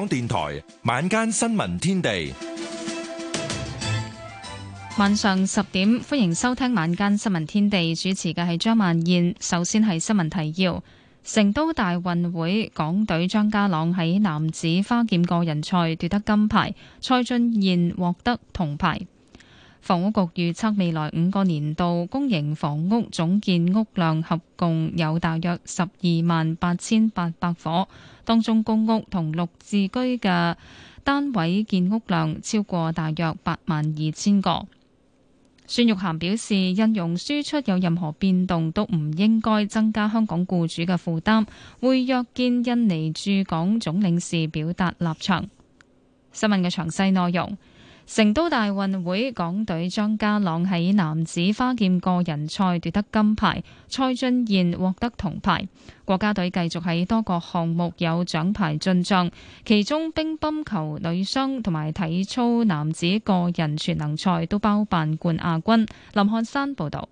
港電台晚間新聞天地，晚上十點，歡迎收聽晚間新聞天地，主持嘅係張曼燕。首先係新聞提要：成都大運會，港隊張家朗喺男子花劍個人賽奪得金牌，蔡俊彥獲得銅牌。房屋局預測未來五個年度公營房屋總建屋量合共有大約十二萬八千八百伙，當中公屋同綠置居嘅單位建屋量超過大約八萬二千個。孫玉菡表示，印傭輸出有任何變動都唔應該增加香港僱主嘅負擔，會約見印尼駐港總領事表達立場。新聞嘅詳細內容。成都大運會，港隊張家朗喺男子花劍個人賽奪得金牌，蔡俊彥獲得銅牌。國家隊繼續喺多個項目有獎牌進賬，其中乒乓球女雙同埋體操男子個人全能賽都包辦冠亞軍。林漢山報道。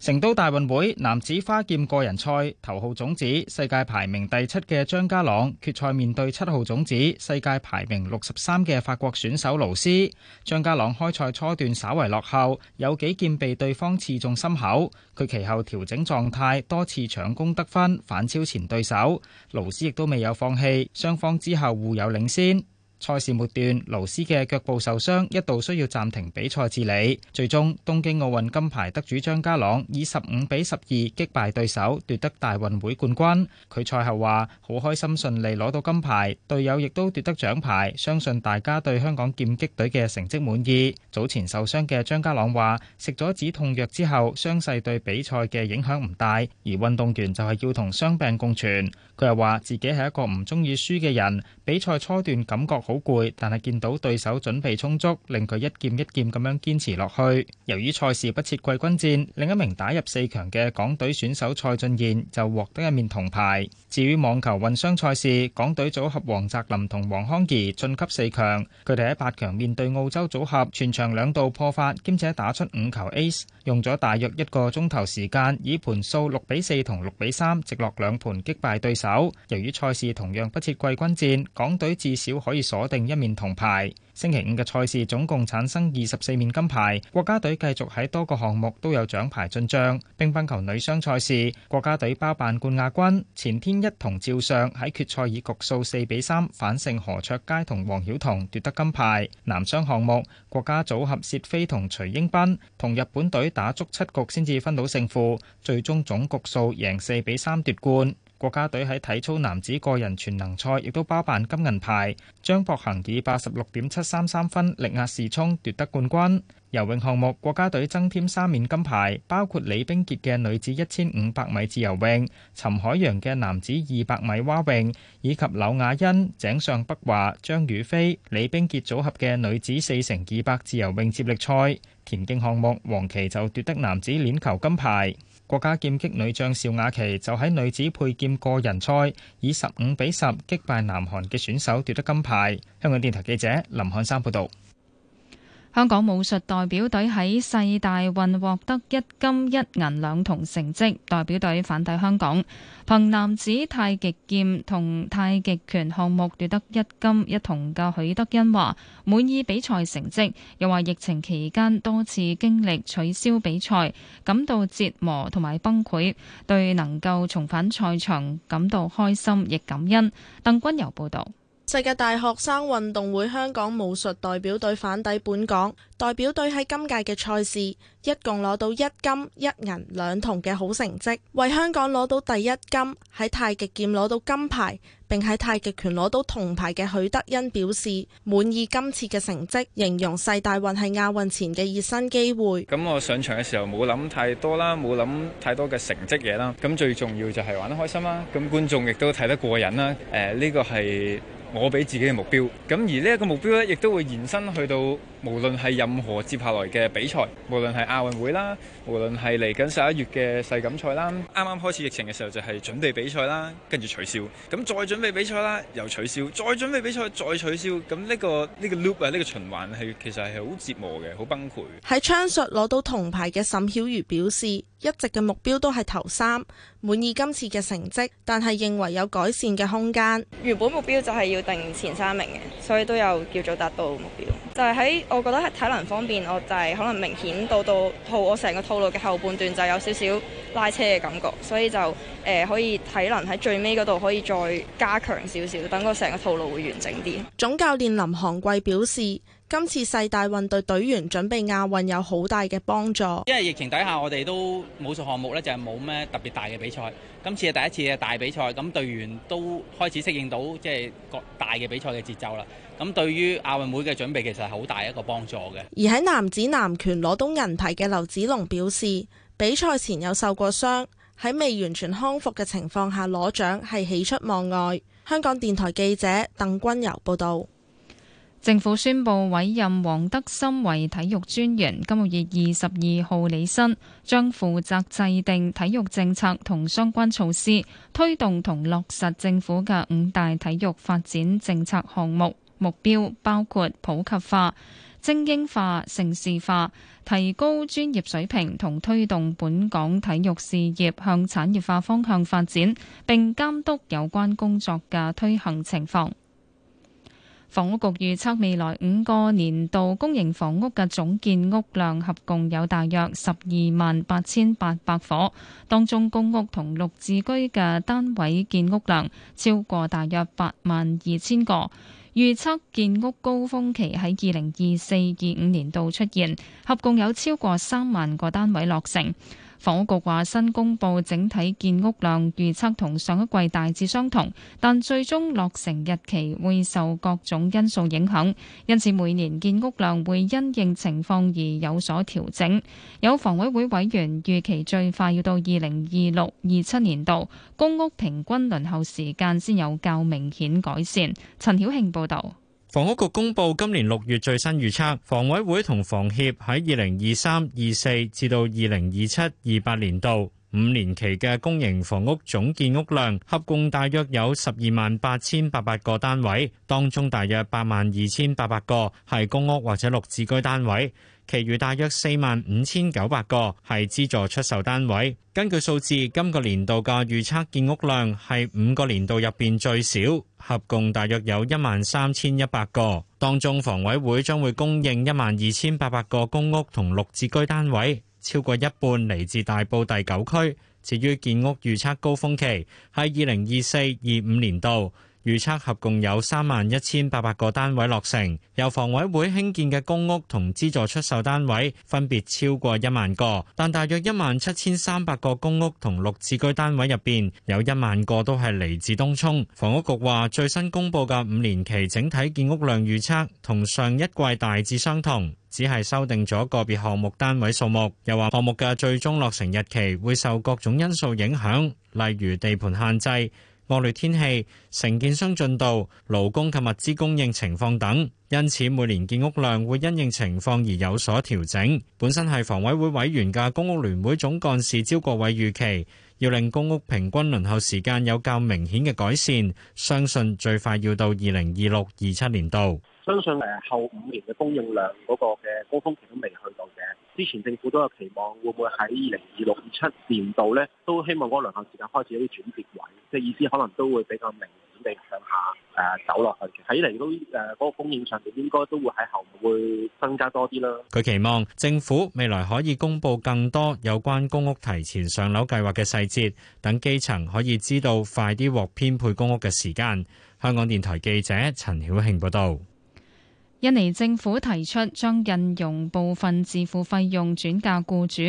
成都大運會男子花劍個人賽，頭號種子、世界排名第七嘅張家朗決賽面對七號種子、世界排名六十三嘅法國選手盧斯。張家朗開賽初段稍為落後，有幾劍被對方刺中心口。佢其後調整狀態，多次搶攻得分，反超前對手。盧斯亦都未有放棄，雙方之後互有領先。賽事末段，勞斯嘅腳部受傷，一度需要暫停比賽治理。最終，東京奧運金牌得主張家朗以十五比十二擊敗對手，奪得大運會冠軍。佢賽後話：好開心順利攞到金牌，隊友亦都奪得獎牌，相信大家對香港劍擊隊嘅成績滿意。早前受傷嘅張家朗話：食咗止痛藥之後，傷勢對比賽嘅影響唔大，而運動員就係要同傷病共存。佢又話自己係一個唔中意輸嘅人，比賽初段感覺好攰，但係見到對手準備充足，令佢一劍一劍咁樣堅持落去。由於賽事不設季軍戰，另一名打入四強嘅港隊選手蔡俊彥就獲得一面銅牌。至於網球混雙賽事，港隊組合黃澤林同黃康儀晉級四強。佢哋喺八強面對澳洲組合，全場兩度破發，兼且打出五球 ace，用咗大約一個鐘頭時間，以盤數六比四同六比三，直落兩盤擊敗對手。由於賽事同樣不設季軍戰，港隊至少可以鎖攞定一面銅牌。星期五嘅賽事總共產生二十四面金牌，國家隊繼續喺多個項目都有獎牌進賬。乒乓球女雙賽事，國家隊包辦冠亞軍。前天一同照相，喺決賽以局數四比三反勝何卓佳同黃曉彤奪得金牌。男雙項目，國家組合薛飛同徐英斌同日本隊打足七局先至分到勝負，最終總局數贏四比三奪冠。國家隊喺體操男子個人全能賽亦都包辦金銀牌，張博恒以八十六點七三三分力壓視聰奪得冠軍。游泳項目，國家隊增添三面金牌，包括李冰潔嘅女子一千五百米自由泳，陳海洋嘅男子二百米蛙泳，以及柳雅欣、井上北華、張雨霏、李冰潔組合嘅女子四乘二百自由泳接力賽。田徑項目，王琦就奪得男子鏈球金牌。國家劍擊女將邵雅琪就喺女子佩劍個人賽以十五比十擊敗南韓嘅選手，奪得金牌。香港電台記者林漢山報道。香港武術代表隊喺世大運獲得一金一銀兩銅成績，代表隊返抵香港。憑男子太極劍同太極拳項目奪得一金一銅嘅許德欣話滿意比賽成績，又話疫情期間多次經歷取消比賽，感到折磨同埋崩潰，對能夠重返賽場感到開心亦感恩。鄧君柔報道。世界大學生運動會香港武術代表隊返抵本港，代表隊喺今屆嘅賽事一共攞到一金一銀兩銅嘅好成績，為香港攞到第一金，喺太極劍攞到金牌，並喺太極拳攞到銅牌嘅許德欣表示滿意今次嘅成績，形容世大運係亞運前嘅熱身機會。咁我上場嘅時候冇諗太多啦，冇諗太多啦，冇諗太多嘅成績嘢啦。咁最重要就係玩得開心啦。咁觀眾亦都睇得過癮啦。誒、呃、呢、這個係。我俾自己嘅目標，咁而呢一個目標咧，亦都會延伸去到無論係任何接下來嘅比賽，無論係亞運會啦。無論係嚟緊十一月嘅世錦賽啦，啱啱開始疫情嘅時候就係準備比賽啦，跟住取消，咁再準備比賽啦，又取消，再準備比賽，再取消，咁呢個呢個 loop 啊，呢個循環係其實係好折磨嘅，好崩潰。喺槍術攞到銅牌嘅沈曉瑜表示，一直嘅目標都係頭三，滿意今次嘅成績，但係認為有改善嘅空間。原本目標就係要定前三名嘅，所以都有叫做達到目標。就係喺我覺得喺體能方面，我就係可能明顯到到套我成個套路嘅後半段，就有少少拉車嘅感覺，所以就誒、呃、可以體能喺最尾嗰度可以再加強少少，等個成個套路會完整啲。總教練林韓貴表示，今次世大運對隊，隊員準備亞運有好大嘅幫助。因為疫情底下，我哋都武術項目咧就係冇咩特別大嘅比賽，今次係第一次嘅大比賽，咁隊員都開始適應到即係、就是、各大嘅比賽嘅節奏啦。咁對於亞運會嘅準備，其實係好大一個幫助嘅。而喺男子南拳攞到銀牌嘅劉子龍表示，比賽前有受過傷，喺未完全康復嘅情況下攞獎係喜出望外。香港電台記者鄧君由報道。政府宣布委任黃德森為體育專員，今個月二十二號履新，將負責制定體育政策同相關措施，推動同落實政府嘅五大體育發展政策項目。目標包括普及化、精英化、城市化，提高專業水平，同推動本港體育事業向產業化方向發展，並監督有關工作嘅推行情況。房屋局預測未來五個年度公營房屋嘅總建屋量合共有大約十二萬八千八百伙。當中公屋同綠置居嘅單位建屋量超過大約八萬二千個。預測建屋高峰期喺二零二四、二五年度出現，合共有超過三萬個單位落成。房屋局話：新公佈整體建屋量預測同上一季大致相同，但最終落成日期會受各種因素影響，因此每年建屋量會因應情況而有所調整。有房委會委員預期最快要到二零二六、二七年度，公屋平均輪候時間先有較明顯改善。陳曉慶報導。房屋局公布今年六月最新預測，房委會同房協喺二零二三二四至到二零二七二八年度，五年期嘅公營房屋總建屋量合共大約有十二萬八千八百個單位，當中大約八萬二千八百個係公屋或者綠置居單位，其餘大約四萬五千九百個係資助出售單位。根據數字，今個年度嘅預測建屋量係五個年度入邊最少，合共大約有一萬三千一百個，當中房委會將會供應一萬二千八百個公屋同綠置居單位。超過一半嚟自大埔第九區，至於建屋預測高峰期係二零二四、二五年度。預測合共有三萬一千八百個單位落成，由房委會興建嘅公屋同資助出售單位分別超過一萬個，但大約一萬七千三百個公屋同綠置居單位入面，有一萬個都係嚟自東涌。房屋局話，最新公佈嘅五年期整體建屋量預測同上一季大致相同，只係修訂咗個別項目單位數目，又話項目嘅最終落成日期會受各種因素影響，例如地盤限制。惡劣天氣、承建商進度、勞工及物資供應情況等，因此每年建屋量會因應情況而有所調整。本身係房委會委員嘅公屋聯會總幹事招國偉預期，要令公屋平均輪候時間有較明顯嘅改善，相信最快要到二零二六二七年度。相信誒後五年嘅供應量嗰個嘅高峯期都未去到嘅。之前政府都有期望，會唔會喺二零二六二七年度咧？都希望嗰個輪候時間開始有啲轉折位？嘅意思可能都會比較明顯地向下誒走落去嘅，睇嚟都誒嗰個風險上面應該都會喺後會增加多啲啦。佢期望政府未來可以公布更多有關公屋提前上樓計劃嘅細節，等基層可以知道快啲獲編配公屋嘅時間。香港電台記者陳曉慶報道。印尼政府提出將印傭部分自付費用轉嫁雇主。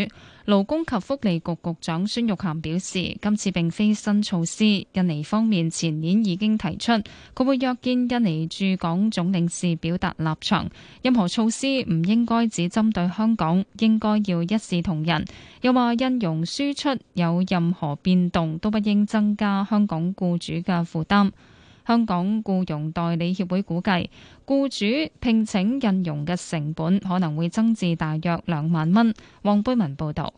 勞工及福利局局長孫玉菡表示，今次並非新措施，印尼方面前年已經提出。佢會約見印尼駐港總領事表達立場。任何措施唔應該只針對香港，應該要一視同仁。又話印傭輸出有任何變動，都不應增加香港雇主嘅負擔。香港僱傭代理協會估計，雇主聘請印傭嘅成本可能會增至大約兩萬蚊。黃貝文報道，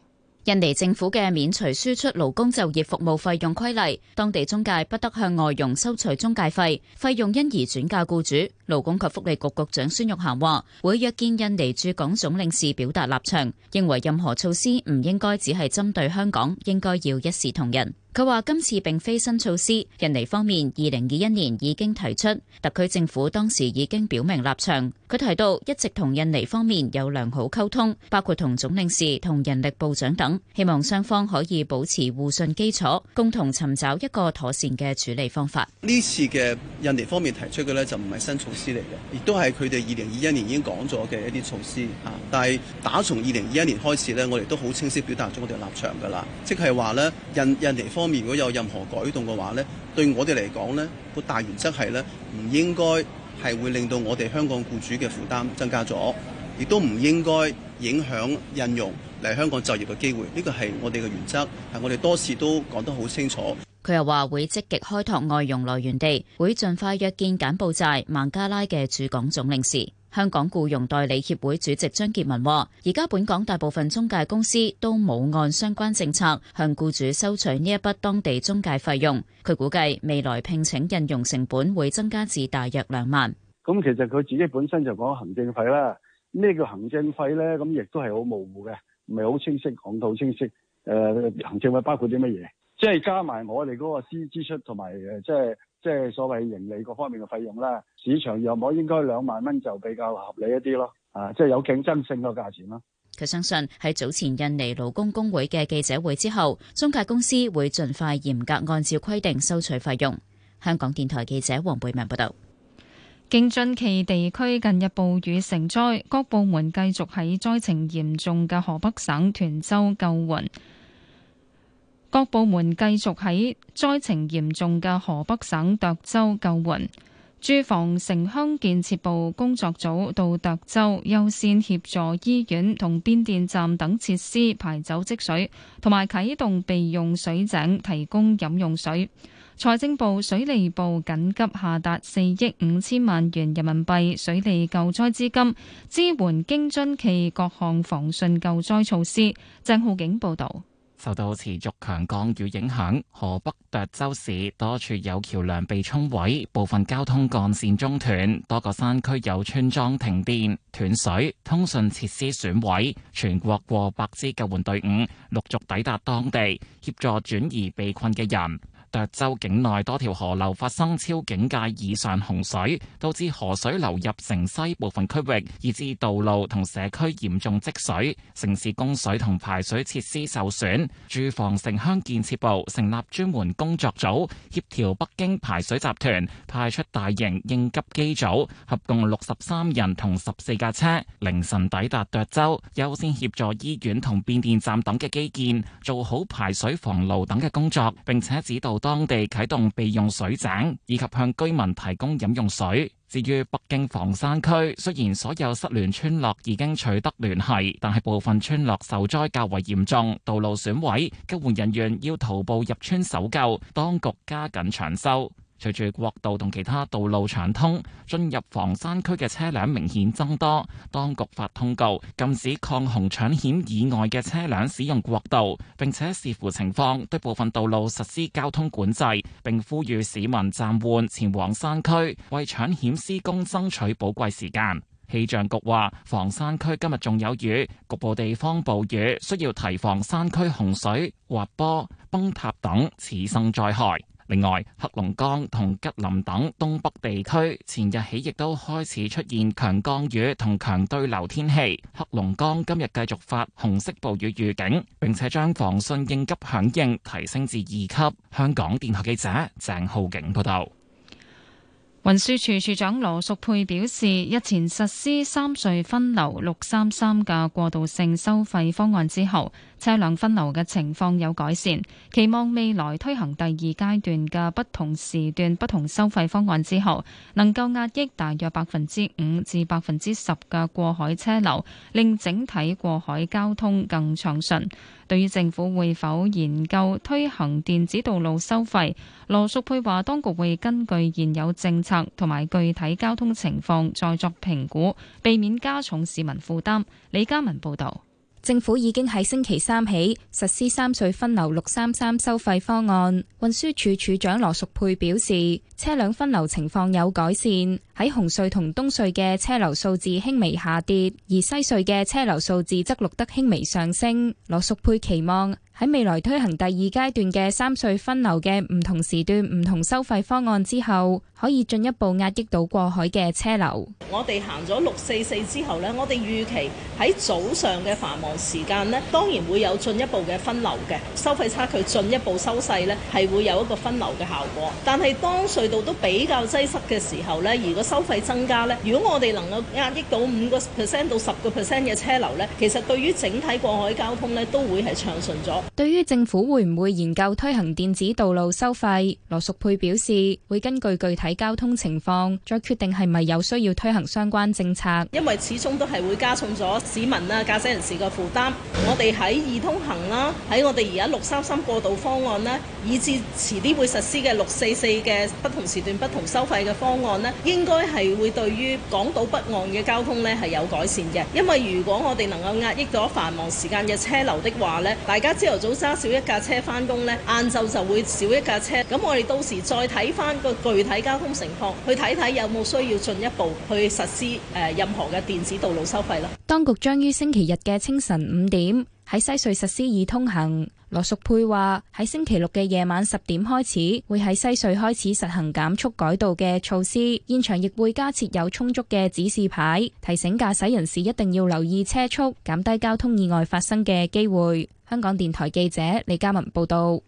印尼政府嘅免除輸出勞工就業服務費用規例，當地中介不得向外傭收取中介費，費用因而轉嫁雇主。勞工及福利局局長孫玉菡話，會約見印尼駐港總領事表達立場，認為任何措施唔應該只係針對香港，應該要一視同仁。佢話今次並非新措施，印尼方面二零二一年已經提出，特區政府當時已經表明立場。佢提到一直同印尼方面有良好溝通，包括同總領事、同人力部長等，希望雙方可以保持互信基礎，共同尋找一個妥善嘅處理方法。呢次嘅印尼方面提出嘅咧，就唔係新措施嚟嘅，亦都係佢哋二零二一年已經講咗嘅一啲措施啊。但係打從二零二一年開始咧，我哋都好清晰表達咗我哋嘅立場噶啦，即係話咧，印印尼方。方面如果有任何改動嘅話咧，對我哋嚟講咧，個大原則係咧，唔應該係會令到我哋香港僱主嘅負擔增加咗，亦都唔應該影響印傭嚟香港就業嘅機會。呢個係我哋嘅原則，係我哋多次都講得好清楚。佢又話會積極開拓外傭來源地，會盡快約見柬埔寨、孟加拉嘅駐港總領事。香港僱傭代理協會主席張傑文話，而家本港大部分中介公司都冇按相關政策向僱主收取呢一筆當地中介費用。佢估計未來聘請印傭成本會增加至大約兩萬。咁其實佢自己本身就講行政費啦，呢個行政費咧，咁亦都係好模糊嘅，唔係好清晰講到好清晰。誒，行政費包括啲乜嘢？即係加埋我哋嗰個支出同埋誒，即係即係所謂盈利各方面嘅費用啦。市場入面應該兩萬蚊就比較合理一啲咯，啊，即係有競爭性個價錢啦。佢相信喺早前印尼勞工公會嘅記者會之後，中介公司會盡快嚴格按照規定收取費用。香港電台記者黃貝文報道。京津冀地區近日暴雨成災，各部門繼續喺災情嚴重嘅河北省涿州救援。各部門繼續喺災情嚴重嘅河北省涿州救援，住房城鄉建設部工作組到涿州優先協助醫院同變電站等設施排走積水，同埋啟動備用水井提供飲用水。財政部水利部緊急下達四億五千萬元人民幣水利救災資金，支援京津冀各項防汛救災措施。鄭浩景報道。受到持續強降雨影響，河北涿州市多處有橋梁被沖毀，部分交通幹線中斷，多個山區有村莊停電、斷水、通訊設施損毀。全國過百支救援隊伍陸續抵達當地，協助轉移被困嘅人。涿州境內多條河流發生超警戒以上洪水，導致河水流入城西部分區域，以致道路同社區嚴重積水，城市供水同排水設施受損。住房城鄉建設部成立專門工作組，協調北京排水集團，派出大型應急機組，合共六十三人同十四架車，凌晨抵達涿州，優先協助醫院同變電站等嘅基建，做好排水防澇等嘅工作，並且指導。當地啟動備用水井，以及向居民提供飲用水。至於北京房山區，雖然所有失聯村落已經取得聯繫，但係部分村落受災較為嚴重，道路損毀，救援人員要徒步入村搜救，當局加緊搶修。隨住國道同其他道路暢通，進入房山區嘅車輛明顯增多。當局發通告禁止抗洪搶險以外嘅車輛使用國道，並且視乎情況對部分道路實施交通管制，並呼籲市民暫緩前往山區，為搶險施工爭取寶貴時間。氣象局話，房山區今日仲有雨，局部地方暴雨，需要提防山區洪水、滑坡、崩塌等次生災害。另外，黑龍江同吉林等東北地區前日起亦都開始出現強降雨同強對流天氣。黑龍江今日繼續發紅色暴雨預警，並且將防汛應急響應提升至二級。香港電台記者鄭浩景報道。運輸署署長羅淑佩表示，日前實施三隧分流六三三嘅過渡性收費方案之後，車輛分流嘅情況有改善，期望未來推行第二階段嘅不同時段不同收費方案之後，能夠壓抑大約百分之五至百分之十嘅過海車流，令整體過海交通更暢順。對於政府會否研究推行電子道路收費，羅淑佩話：當局會根據現有政策同埋具體交通情況再作評估，避免加重市民負擔。李嘉文報導。政府已經喺星期三起實施三隧分流六三三收費方案。運輸署署署長羅淑佩表示，車輛分流情況有改善，喺紅隧同東隧嘅車流數字輕微下跌，而西隧嘅車流數字則錄得輕微上升。羅淑佩期望喺未來推行第二階段嘅三隧分流嘅唔同時段唔同收費方案之後。可以進一步壓抑到過海嘅車流。我哋行咗六四四之後呢，我哋預期喺早上嘅繁忙時間呢，當然會有進一步嘅分流嘅收費差距，進一步收細呢，係會有一個分流嘅效果。但係當隧道都比較擠塞嘅時候呢，如果收費增加呢，如果我哋能夠壓抑到五個 percent 到十個 percent 嘅車流呢，其實對於整體過海交通呢，都會係暢順咗。對於政府會唔會研究推行電子道路收費？羅淑佩表示會根據具體。交通情況，再決定係咪有需要推行相關政策。因為始終都係會加重咗市民啦、駕駛人士嘅負擔。我哋喺二通行啦，喺我哋而家六三三過渡方案咧，以至遲啲會實施嘅六四四嘅不同時段不同收費嘅方案呢，應該係會對於港島北岸嘅交通呢係有改善嘅。因為如果我哋能夠壓抑咗繁忙時間嘅車流的話呢，大家朝頭早揸少一架車翻工呢，晏晝就會少一架車。咁我哋到時再睇翻個具體交通。通情況去睇睇有冇需要進一步去實施誒任何嘅電子道路收費咯。當局將於星期日嘅清晨五點喺西隧實施易通行。羅淑佩話喺星期六嘅夜晚十點開始，會喺西隧開始實行減速改道嘅措施，現場亦會加設有充足嘅指示牌，提醒駕駛人士一定要留意車速，減低交通意外發生嘅機會。香港電台記者李嘉文報道。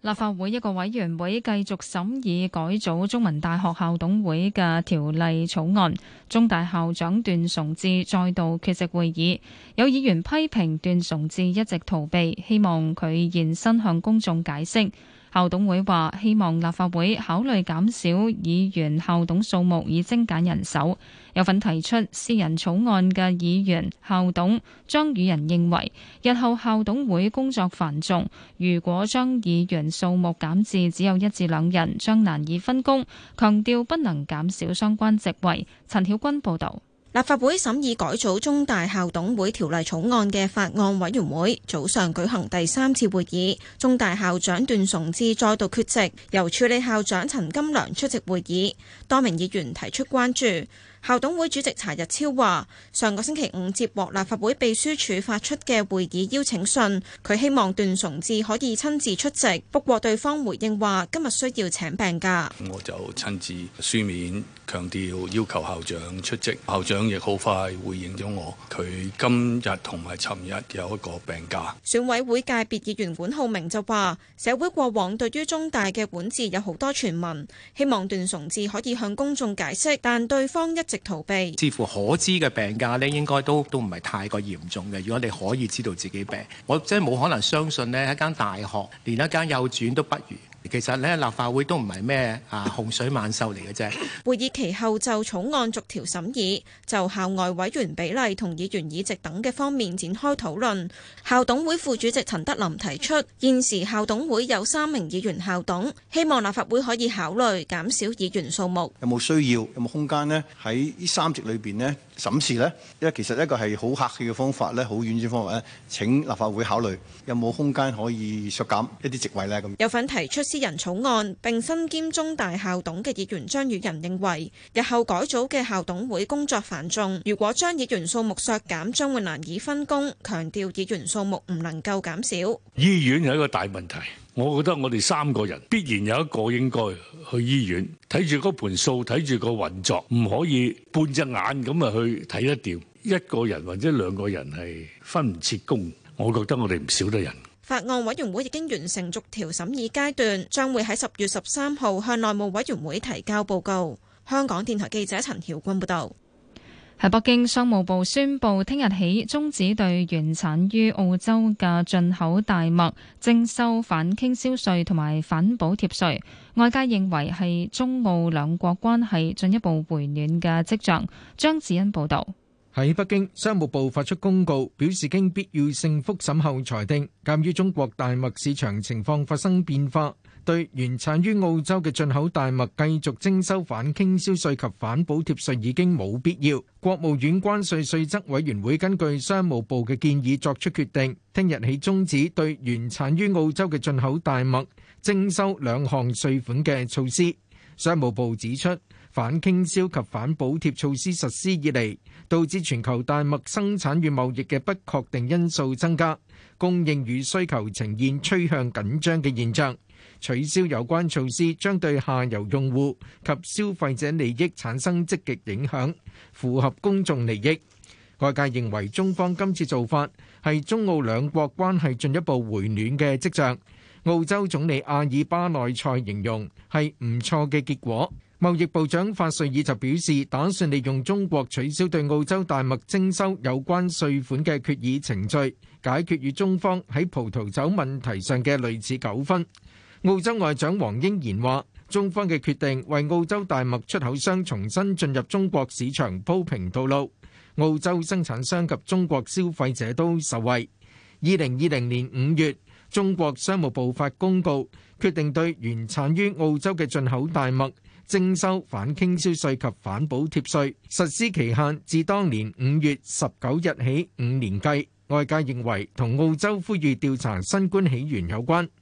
立法會一個委員會繼續審議改組中文大學校董會嘅條例草案，中大校長段崇智再度缺席會議，有議員批評段崇智一直逃避，希望佢現身向公眾解釋。校董會話，希望立法會考慮減少議員校董數目，以精簡人手。有份提出私人草案嘅議員校董張宇人認為，日後校董會工作繁重，如果將議員數目減至只有一至兩人，將難以分工，強調不能減少相關職位。陳曉君報道。立法會審議改組中大校董會條例草案嘅法案委員會早上舉行第三次會議，中大校長段崇智再度缺席，由協理校長陳金良出席會議，多名議員提出關注。校董會主席查日超話：上個星期五接獲立法會秘書處發出嘅會議邀請信，佢希望段崇智可以親自出席。不過對方回應話：今日需要請病假。我就親自書面強調要求校長出席，校長亦好快回應咗我，佢今日同埋尋日有一個病假。選委會界別議員管浩明就話：社會過往對於中大嘅管治有好多傳聞，希望段崇智可以向公眾解釋，但對方一直逃避，似乎可知嘅病假咧，應該都都唔係太過嚴重嘅。如果你可以知道自己病，我真係冇可能相信咧，一間大學連一間幼稚園都不如。其實咧，立法會都唔係咩啊洪水猛獸嚟嘅啫。會議其後就草案逐條審議，就校外委員比例同議員議席等嘅方面展開討論。校董會副主席陳德林提出，現時校董會有三名議員校董，希望立法會可以考慮減少議員數目。有冇需要？有冇空間呢？喺呢三席裏邊呢？審視呢，因為其實一個係好客氣嘅方法咧，好婉轉方法咧，請立法會考慮有冇空間可以削減一啲席位呢？咁有份提出私人草案並身兼中大校董嘅議員張宇人認為，日後改組嘅校董會工作繁重，如果將議員數目削減，將會難以分工。強調議員數目唔能夠減少。醫院係一個大問題。我覺得我哋三個人必然有一個應該去醫院睇住嗰盤數，睇住個運作，唔可以半隻眼咁啊去睇得掂。一個人或者兩個人係分唔切工。我覺得我哋唔少得人。法案委員會已經完成逐條審議階段，將會喺十月十三號向內務委員會提交報告。香港電台記者陳曉君報導。喺北京商務部宣佈，聽日起終止對原產於澳洲嘅進口大麥徵收反傾銷稅同埋反補貼稅。外界認為係中澳兩國關係進一步回暖嘅跡象。張子恩報道，喺北京商務部發出公告，表示經必要性復審後裁定，鑒於中國大麥市場情況發生變化。對原產於澳洲嘅進口大麥繼續徵收反傾銷稅及反補貼稅已經冇必要。國務院關稅稅則委員會根據商務部嘅建議作出決定，聽日起終止對原產於澳洲嘅進口大麥徵收兩項稅款嘅措施。商務部指出，反傾銷及反補貼措施實施以嚟，導致全球大麥生產與貿易嘅不確定因素增加，供應與需求呈現趨向緊張嘅現象。取消有關措施將對下游用戶及消費者利益產生積極影響，符合公眾利益。外界認為中方今次做法係中澳兩國關係進一步回暖嘅跡象。澳洲總理阿爾巴內塞形容係唔錯嘅結果。貿易部長法瑞爾就表示，打算利用中國取消對澳洲大麥徵收有關稅款嘅決議程序，解決與中方喺葡萄酒問題上嘅類似糾紛。澳洲外長黃英賢話：中方嘅決定為澳洲大麥出口商重新進入中國市場鋪平道路，澳洲生產商及中國消費者都受惠。二零二零年五月，中國商務部發公告，決定對原產於澳洲嘅進口大麥徵收反傾銷稅及反補貼稅，實施期限自當年五月十九日起五年計。外界認為同澳洲呼籲調查新冠起源有關。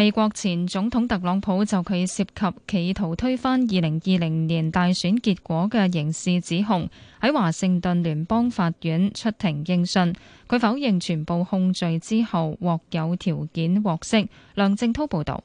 美國前總統特朗普就佢涉及企圖推翻二零二零年大選結果嘅刑事指控，喺華盛頓聯邦法院出庭應訊。佢否認全部控罪之後，獲有條件獲釋。梁正濤報道。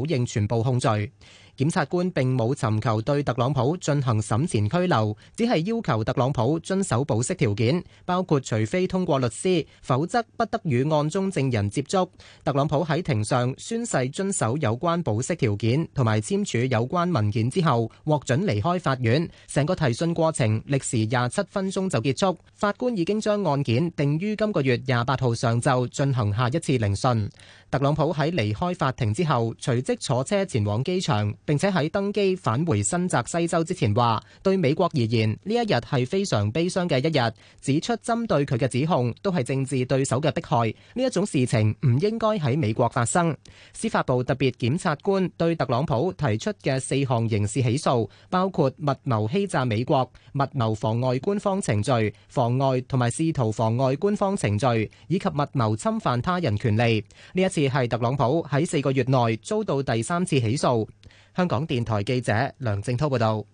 否認全部控罪。檢察官並冇尋求對特朗普進行審前拘留，只係要求特朗普遵守保釋條件，包括除非通過律師，否則不得與案中證人接觸。特朗普喺庭上宣誓遵守有關保釋條件，同埋簽署有關文件之後，獲准離開法院。成個提訊過程歷時廿七分鐘就結束。法官已經將案件定於今個月廿八號上晝進行下一次聆訊。特朗普喺離開法庭之後，隨即坐車前往機場。並且喺登機返回新澤西州之前，話對美國而言呢一日係非常悲傷嘅一日。指出針對佢嘅指控都係政治對手嘅迫害，呢一種事情唔應該喺美國發生。司法部特別檢察官對特朗普提出嘅四項刑事起訴，包括密謀欺詐美國、密謀妨礙官方程序、妨礙同埋試圖妨礙官方程序，以及密謀侵犯他人權利。呢一次係特朗普喺四個月內遭到第三次起訴。香港電台記者梁正濤報道。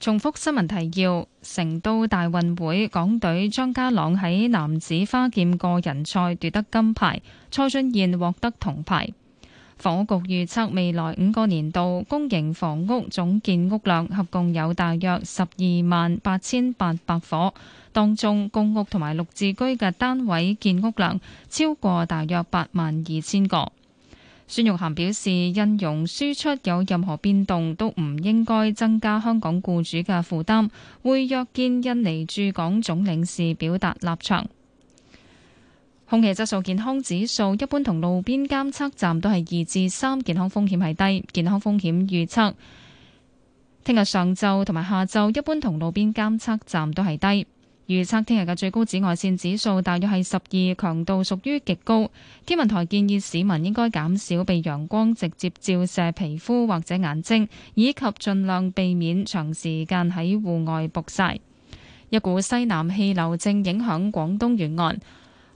重複新聞提要：成都大運會港隊張家朗喺男子花劍個人賽奪得金牌，蔡俊彥獲得銅牌。房屋局預測未來五個年度公營房屋總建屋量合共有大約十二萬八千八百伙，當中公屋同埋綠置居嘅單位建屋量超過大約八萬二千個。孫玉菡表示，印佣輸出有任何變動都唔應該增加香港僱主嘅負擔，會約見印尼駐港總領事表達立場。空氣質素健康指數一般同路邊監測站都係二至三，健康風險係低。健康風險預測聽日上晝同埋下晝一般同路邊監測站都係低。預測聽日嘅最高紫外線指數大約係十二，強度屬於極高。天文台建議市民應該減少被陽光直接照射皮膚或者眼睛，以及盡量避免長時間喺戶外曝曬。一股西南氣流正影響廣東沿岸。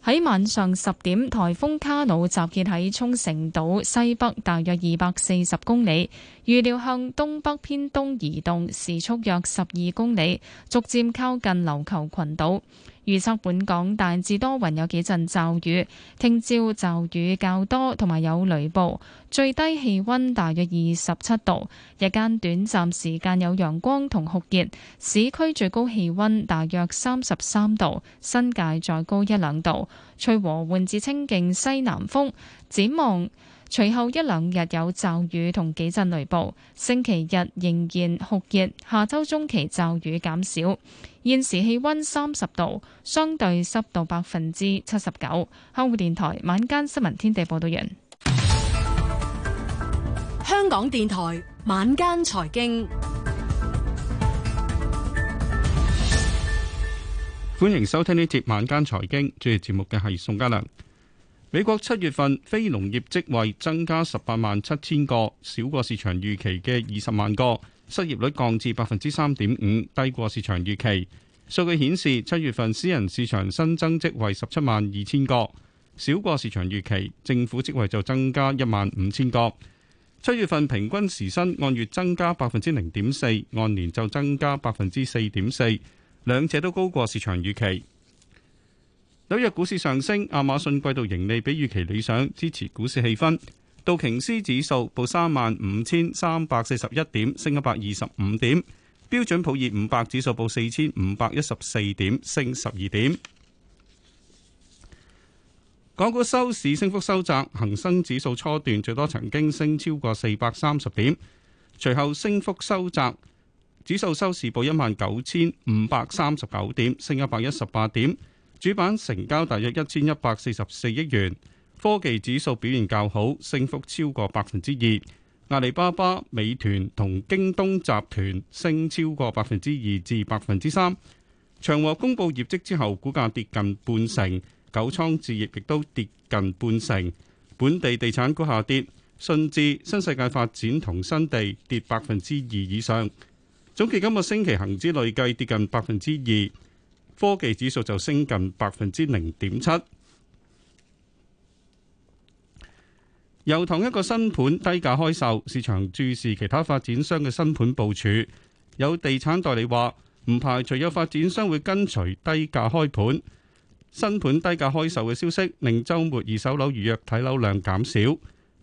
喺晚上十點，颱風卡努集結喺沖繩島西北，大約二百四十公里，預料向東北偏東移動，時速約十二公里，逐漸靠近琉球群島。預測本港大致多雲，有幾陣驟雨，聽朝驟雨較多，同埋有雷暴。最低氣溫大約二十七度，日間短暫時間有陽光同酷熱。市區最高氣溫大約三十三度，新界再高一兩度。吹和緩至清勁西南風，展望，隨後一兩日有驟雨同幾陣雷暴，星期日仍然酷熱。下周中期驟雨減少。現時氣溫三十度，相對濕度百分之七十九。香港電台晚間新聞天地報道完。香港電台晚間財經，歡迎收聽呢節晚間財經。主持節目嘅係宋家良。美國七月份非農業職位增加十八萬七千個，少過市場預期嘅二十萬個。失業率降至百分之三點五，低過市場預期。數據顯示，七月份私人市場新增職位十七萬二千個，少過市場預期。政府職位就增加一萬五千個。七月份平均時薪按月增加百分之零點四，按年就增加百分之四點四，兩者都高過市場預期。紐約股市上升，亞馬遜季度盈利比預期理想，支持股市氣氛。道瓊斯指數報三萬五千三百四十一點，升一百二十五點；標準普爾五百指數報四千五百一十四點，升十二點。港股收市升幅收窄，恒生指數初段最多曾經升超過四百三十點，隨後升幅收窄，指數收市報一萬九千五百三十九點，升一百一十八點。主板成交大約一千一百四十四億元，科技指數表現較好，升幅超過百分之二。阿里巴巴、美團同京東集團升超過百分之二至百分之三。長和公布業績之後，股價跌近半成，九倉置業亦都跌近半成。本地地產股下跌，信置、新世界發展同新地跌百分之二以上。總期今個星期恒指累計跌近百分之二。科技指數就升近百分之零點七，由同一個新盤低價開售，市場注視其他發展商嘅新盤部署。有地產代理話，唔排除有發展商會跟隨低價開盤。新盤低價開售嘅消息，令週末二手樓預約睇樓量減少，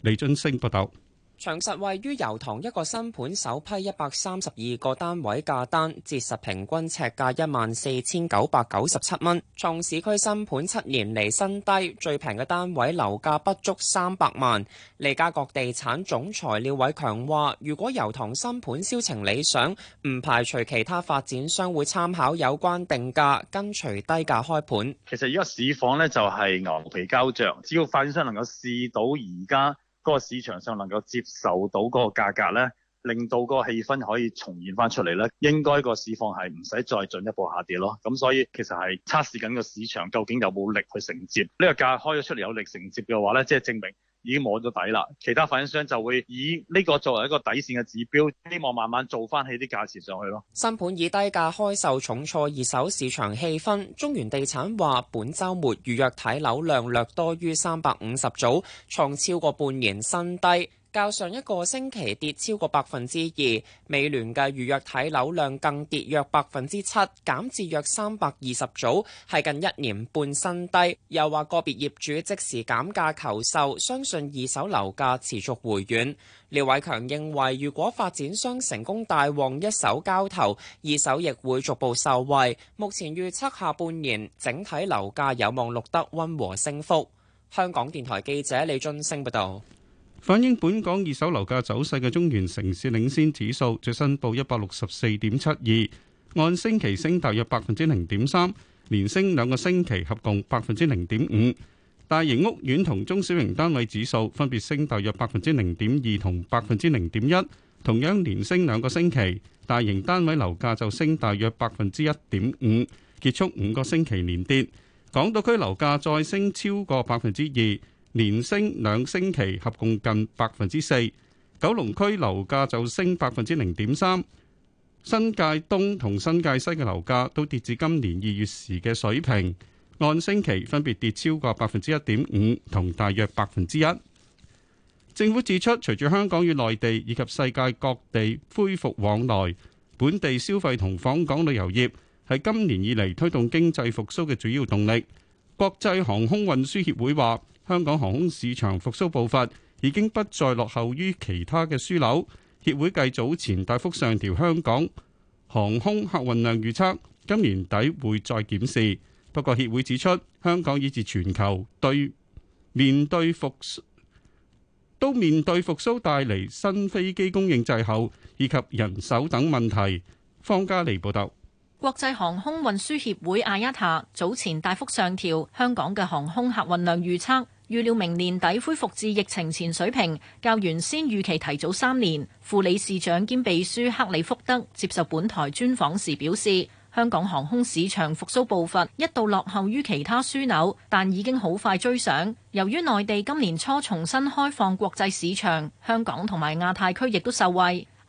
李津升報道。長實位於油塘一個新盤首批一百三十二個單位價單，折實平均尺價一萬四千九百九十七蚊，創市區新盤七年嚟新低，最平嘅單位樓價不足三百萬。利嘉閣地產總裁廖偉強話，如果油塘新盤銷情理想，唔排除其他發展商會參考有關定價，跟隨低價開盤。其實而家市況呢，就係牛皮膠著，只要發展商能夠試到而家。嗰個市場上能夠接受到嗰個價格咧，令到嗰個氣氛可以重現翻出嚟咧，應該個市況係唔使再進一步下跌咯。咁所以其實係測試緊個市場究竟有冇力去承接，呢個價開咗出嚟，有力承接嘅話咧，即係證明。已經摸到底啦，其他發展商就會以呢個作為一個底線嘅指標，希望慢慢做返起啲價錢上去咯。新盤以低價開售重挫二手市場氣氛。中原地產話，本週末預約睇樓量略多於三百五十組，創超過半年新低。較上一個星期跌超過百分之二，美聯嘅預約睇樓量更跌約百分之七，減至約三百二十組，係近一年半新低。又話個別業主即時減價求售，相信二手樓價持續回軟。廖偉強認為，如果發展商成功帶旺一手交投，二手亦會逐步受惠。目前預測下半年整體樓價有望錄得溫和升幅。香港電台記者李津升報道。反映本港二手樓價走勢嘅中原城市領先指數最新報一百六十四點七二，按星期升大約百分之零點三，連升兩個星期合共百分之零點五。大型屋苑同中小型單位指數分別升大約百分之零點二同百分之零點一，同樣連升兩個星期。大型單位樓價就升大約百分之一點五，結束五個星期連跌。港島區樓價再升超過百分之二。連升兩星期合共近百分之四，九龍區樓價就升百分之零點三，新界東同新界西嘅樓價都跌至今年二月時嘅水平，按星期分別跌超過百分之一點五同大約百分之一。政府指出，隨住香港與內地以及世界各地恢復往來，本地消費同訪港旅遊業係今年以嚟推動經濟復甦嘅主要動力。國際航空運輸協會話。香港航空市場復蘇步伐已經不再落後於其他嘅樞紐，協會繼早前大幅上調香港航空客運量預測，今年底會再檢視。不過協會指出，香港以至全球對面對復都面對復蘇帶嚟新飛機供應滯後以及人手等問題。方家莉報道，國際航空運輸協會阿一 a 早前大幅上調香港嘅航空客運量預測。預料明年底恢復至疫情前水平，較原先預期提早三年。副理事長兼秘書克里福德接受本台專訪時表示，香港航空市場復甦步伐一度落後於其他樞紐，但已經好快追上。由於內地今年初重新開放國際市場，香港同埋亞太區亦都受惠。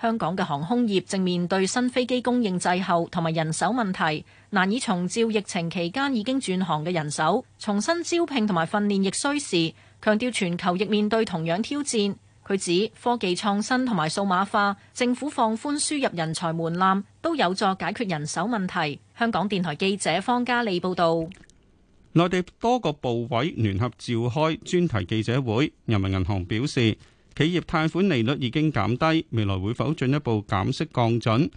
香港嘅航空業正面對新飛機供應滯後同埋人手問題，難以重召疫情期間已經轉行嘅人手，重新招聘同埋訓練亦需時。強調全球亦面對同樣挑戰。佢指科技創新同埋數碼化，政府放寬輸入人才門檻，都有助解決人手問題。香港電台記者方嘉莉報道。內地多個部委聯合召開專題記者會，人民銀行表示。企業貸款利率已經減低，未來會否進一步減息降準？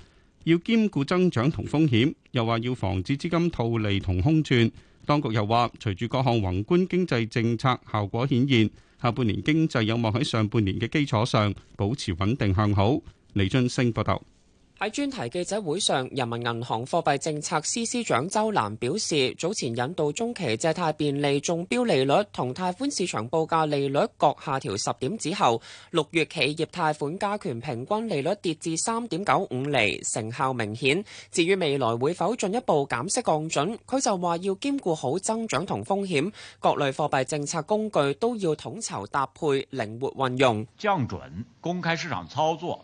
要兼顧增長同風險，又話要防止資金套利同空轉。當局又話，隨住各項宏觀經濟政策效果顯現，下半年經濟有望喺上半年嘅基礎上保持穩定向好。李俊升報道。喺專題記者會上，人民銀行貨幣政策司司長鄒瀾表示，早前引導中期借貸便利中標利率同貸款市場報價利率各下調十點之後，六月企業貸款加權平均利率跌至三點九五厘，成效明顯。至於未來會否進一步減息降準，佢就話要兼顧好增長同風險，各類貨幣政策工具都要統籌搭配，靈活運用降準、公開市場操作。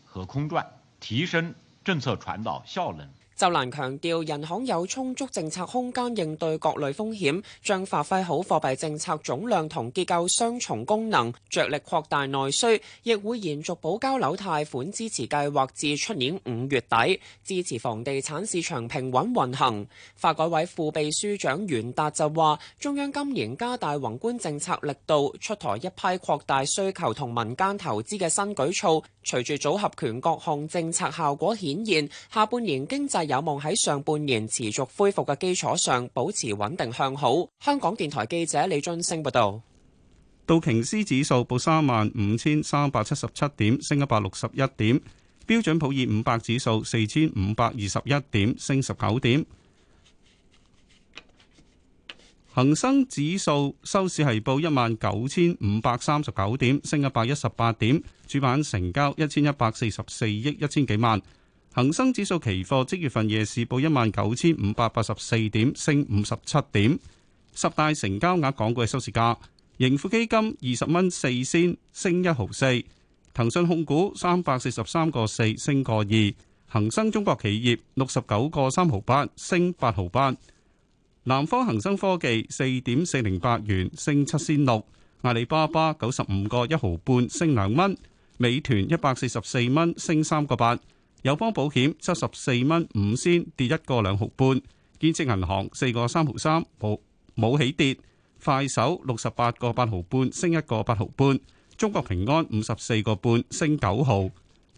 和空轉，提升政策傳導效能。就難強調人行有充足政策空間應對各類風險，將發揮好貨幣政策總量同結構雙重功能，着力擴大內需，亦會延續保交樓貸款支持計劃至出年五月底，支持房地產市場平穩運行。發改委副秘書長袁達就話：中央今年加大宏觀政策力度，出台一批擴大需求同民間投資嘅新舉措，隨住組合拳各項政策效果顯現，下半年經濟有望喺上半年持續恢復嘅基礎上保持穩定向好。香港電台記者李津升報道，道瓊斯指數報三萬五千三百七十七點，升一百六十一點；標準普爾五百指數四千五百二十一點，升十九點；恒生指數收市係報一萬九千五百三十九點，升一百一十八點；主板成交一千一百四十四億一千幾萬。恒生指數期貨即月份夜市報一萬九千五百八十四點，升五十七點。十大成交額港股嘅收市價：盈富基金二十蚊四仙升一毫四，騰訊控股三百四十三個四升個二，恒生中國企業六十九個三毫八升八毫八，南方恒生科技四點四零八元升七仙六，阿里巴巴九十五個一毫半升兩蚊，美團一百四十四蚊升三個八。友邦保險七十四蚊五仙跌一個兩毫半，建設銀行四個三毫三冇冇起跌，快手六十八個八毫半升一個八毫半，中國平安五十四個半升九毫，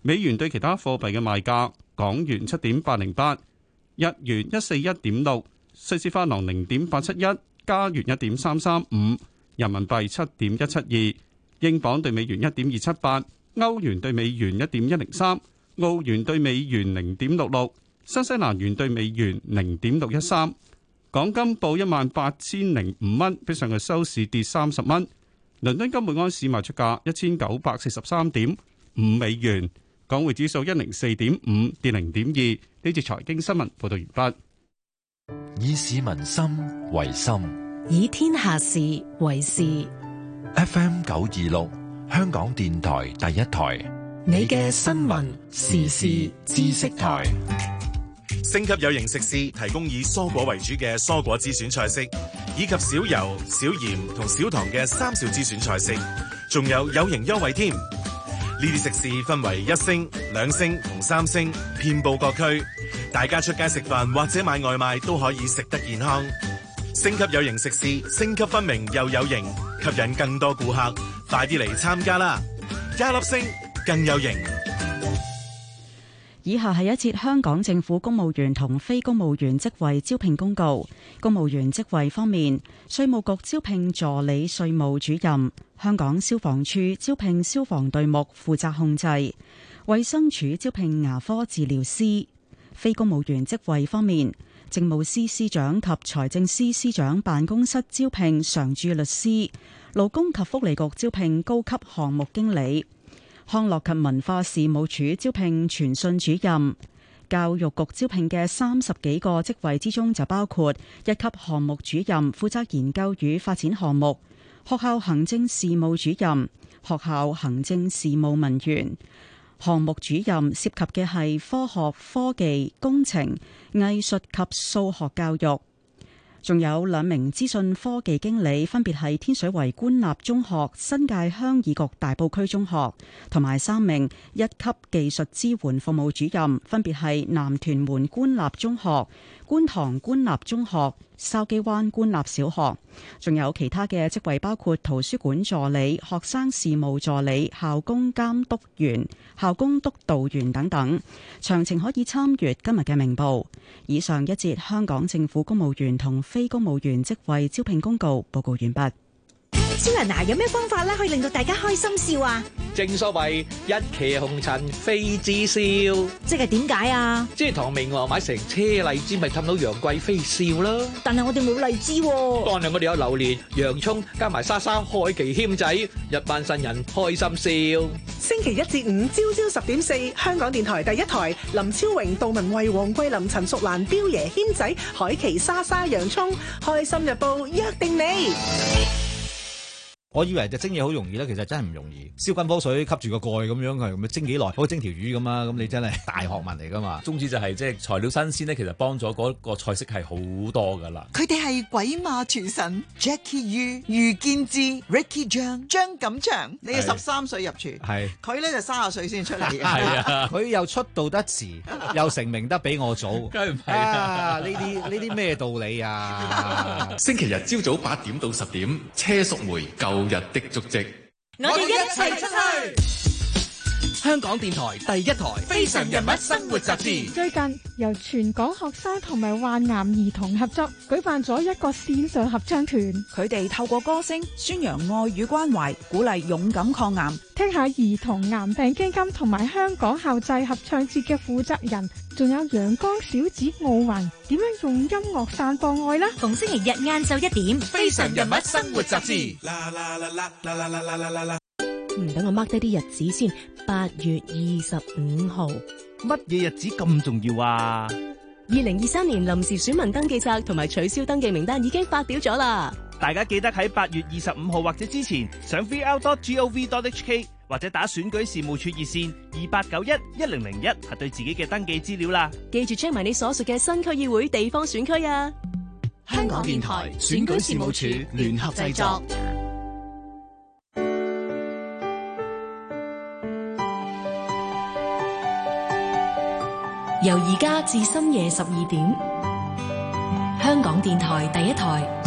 美元對其他貨幣嘅賣價，港元七點八零八，日元一四一點六，瑞士法郎零點八七一，加元一點三三五，人民幣七點一七二，英鎊對美元一點二七八，歐元對美元一點一零三。澳元兌美元零點六六，新西蘭元兌美元零點六一三，港金報一萬八千零五蚊，比上日收市跌三十蚊。倫敦金每安士賣出價一千九百四十三點五美元，港匯指數一零四點五跌零點二。呢節財經新聞報道完畢。以市民心為心，以天下事為事。F.M. 九二六，香港電台第一台。你嘅新聞時事知識台，星級有形食肆提供以蔬果為主嘅蔬果之選菜式，以及少油、少鹽同少糖嘅三少之選菜式，仲有有形優惠添。呢啲食肆分為一星、兩星同三星，遍布各區，大家出街食飯或者買外賣都可以食得健康。星級有形食肆，星級分明又有形，吸引更多顧客，快啲嚟參加啦！加粒星。更有型。以下係一節香港政府公務員同非公務員職位招聘公告。公務員職位方面，稅務局招聘助理稅務主任；香港消防處招聘消防隊目負責控制；衛生署招聘牙科治療師。非公務員職位方面，政務司司長及財政司司長辦公室招聘常駐律師，勞工及福利局招聘高級項目經理。康樂及文化事務署招聘傳訊主任，教育局招聘嘅三十幾個職位之中就包括一級項目主任，負責研究與發展項目；學校行政事務主任，學校行政事務文員，項目主任涉及嘅係科學、科技、工程、藝術及數學教育。仲有兩名資訊科技經理，分別係天水圍官立中學、新界鄉議局大埔區中學，同埋三名一級技術支援服務主任，分別係南屯門官立中學、觀塘官立中學、筲箕灣官立小學，仲有其他嘅職位，包括圖書館助理、學生事務助理、校工監督員、校工督導員等等。詳情可以參閱今日嘅明報。以上一節香港政府公務員同非公務員職位招聘公告報告完畢。超人啊，有咩方法咧可以令到大家開心笑啊？正所謂一騎紅塵妃子笑，即係點解啊？即係唐明皇買成車荔枝咪氹到楊貴妃笑啦！但係我哋冇荔枝啊，當然我哋有榴蓮、洋蔥加埋沙沙、海奇、謙仔一班新人開心笑。星期一至五朝朝十點四，香港電台第一台，林超榮、杜文慧、黃桂林、陳淑蘭、彪爺、謙仔、海奇、莎莎、洋蔥，開心日報約定你。我以為就蒸嘢好容易咧，其實真係唔容易。燒緊煲水，吸住個蓋咁樣，佢蒸幾耐，好蒸條魚咁啊！咁你真係大學問嚟噶嘛？宗旨就係、是、即係材料新鮮咧，其實幫咗嗰個菜式係好多噶啦。佢哋係鬼馬廚神 Jacky Yu 余建志、Ricky 張張錦祥，你十三歲入廚，係佢咧就三十歲先出嚟。係 啊，佢 又出道得遲，又成名得比我早，梗係唔係啊？呢啲呢啲咩道理啊？ 星期日朝早八點到十點，車淑梅舊。日的足跡，我哋一齊出去。香港電台第一台《非常人物生活雜誌》最近由全港學生同埋患癌兒童合作舉辦咗一個線上合唱團，佢哋透過歌聲宣揚愛與關懷，鼓勵勇敢抗癌。聽下兒童癌病基金同埋香港校際合唱節嘅負責人，仲有陽光小子奧運，點樣用音樂散播愛啦？逢星期日晏晝一點，《非常人物生活雜誌》。唔等我 mark 低啲日子先，八月二十五號，乜嘢日子咁重要啊？二零二三年臨時選民登記冊同埋取消登記名單已經發表咗啦，大家記得喺八月二十五號或者之前上 v r dot g o v dot h k 或者打選舉事務處熱線二八九一一零零一核對自己嘅登記資料啦。記住 check 埋你所屬嘅新區議會地方選區啊！香港電台選舉事務處聯合製作。由而家至深夜十二點，香港電台第一台。